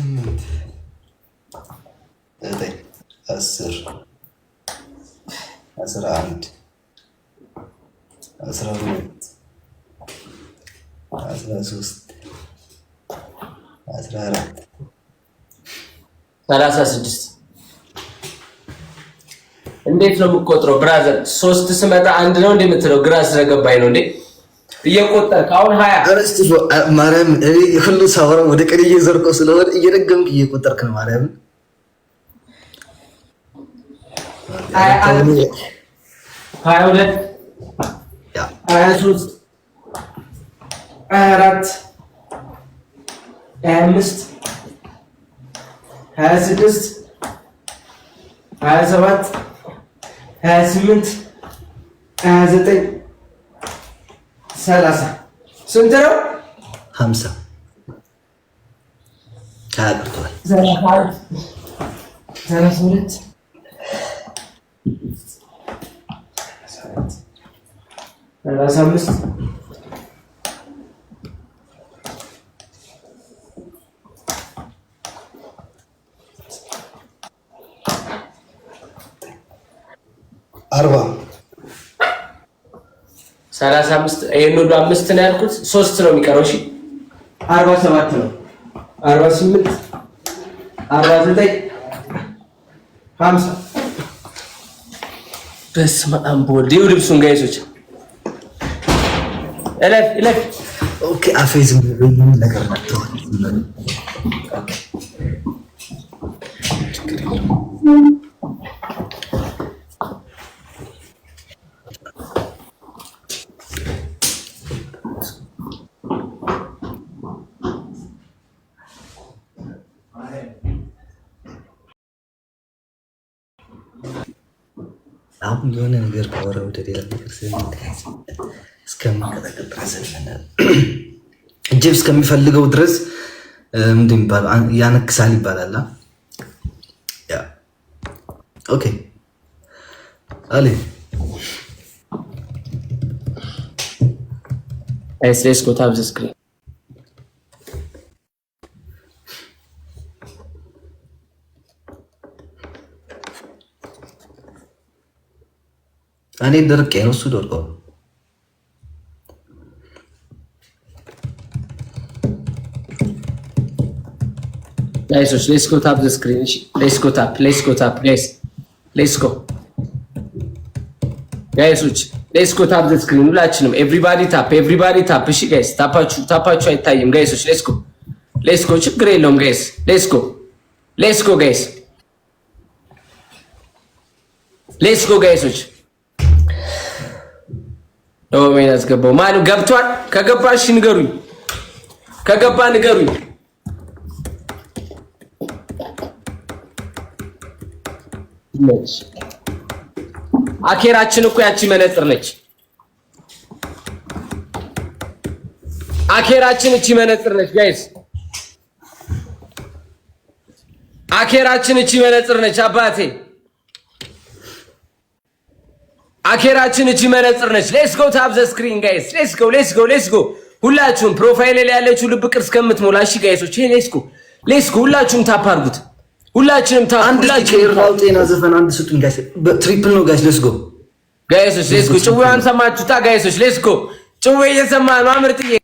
ስምንት ዘጠኝ አስር አስራ አንድ አስራ ሁለት አስራ ሶስት አስራ አራት ሰላሳ ስድስት እንዴት ነው የምቆጥረው? ብራዘር ሶስት ስመጣ አንድ ነው እንደምትለው ግራ ስለገባኝ ነው እንዴ እየቆጠርክ አሁን ሁሉ ሳወራ ወደ ቀን እየዘርቀው ስለሆነ እየደገምክ እየቆጠርክ ነው። ማርያም ሀያ ሁለት ሀያ ሶስት ሀያ አራት ሀያ አምስት ሀያ ስድስት ሀያ ሰባት ሀያ ስምንት ሀያ ዘጠኝ ሰላሳ ስንት ነው? ሀምሳ ቀርቷል። ሰላሳ አርባ ሰላሳ አምስት ይሄን ሁሉ አምስት ነው ያልኩት፣ ሶስት ነው የሚቀረው። እሺ አርባ ሰባት ነው አርባ ስምንት አርባ ዘጠኝ ሀምሳ በስመ አብ ወልድ ይኸው ልብሱን ጋይዞች እለፍ እለፍ። ኦኬ አፌዝ ነገር ናቸው። ኦኬ አሁን የሆነ ነገር ከወረ ወደ ሌላ ነገር ስለሚያዝ እስከሚቀጠቅጥ ድረስ ጅብ እስከሚፈልገው ድረስ ምንድን ይባላል ያነክሳል ይባላል። ኦኬ አሌ ስሬስ ጎታ ብዘ ስክሪን እኔ ደርቄ ነው እሱ ደርቆ guys, let's go tap the screen. Let's go tap. Let's go tap, guys. Let's go. Guys, let's go tap the screen. ሁላችንም ኤቭሪባዲ ታፕ ኤቭሪባዲ ታፕ። እሺ ጋይስ ታፓችሁ ታፓችሁ አይታይም። ጋይስ let's go let's go ችግር የለውም ጋይስ let's go let's go guys let's go guys ኦሜን አስገባው። ማን ገብቷል? ከገባ እሺ ንገሩኝ። ከገባ ንገሩኝ። አኬራችን እኮ ያቺ መነጽር ነች። አኬራችን እቺ መነጽር ነች። ጋይስ አኬራችን እቺ መነጽር ነች አባቴ አኬራችን እቺ መነጽር ነች። ሌትስ ጎ ታፕ ዘ ስክሪን ጋይስ፣ ሌትስ ጎ ሌትስ ጎ ሌትስ ጎ። ሁላችሁም ፕሮፋይል ላይ ያለችው ልብ ቅርጽ ከምትሞላ እሺ ጋይሶች፣ ይሄ ሌትስ ጎ ሌትስ ጎ። ሁላችሁም ታፕ አድርጉት። ሁላችንም ታፕ። አንድ የእርቃው ጤና ዘፈን አንድ ስጡኝ ጋይስ፣ ትሪፕል ነው ጋይስ። ሌትስ ጎ ጋይሶች፣ ሌትስ ጎ። ጭዌዋን ሰማችሁታ ጋይሶች፣ ሌትስ ጎ። ጭዌ እየሰማን ነው አምርጥዬ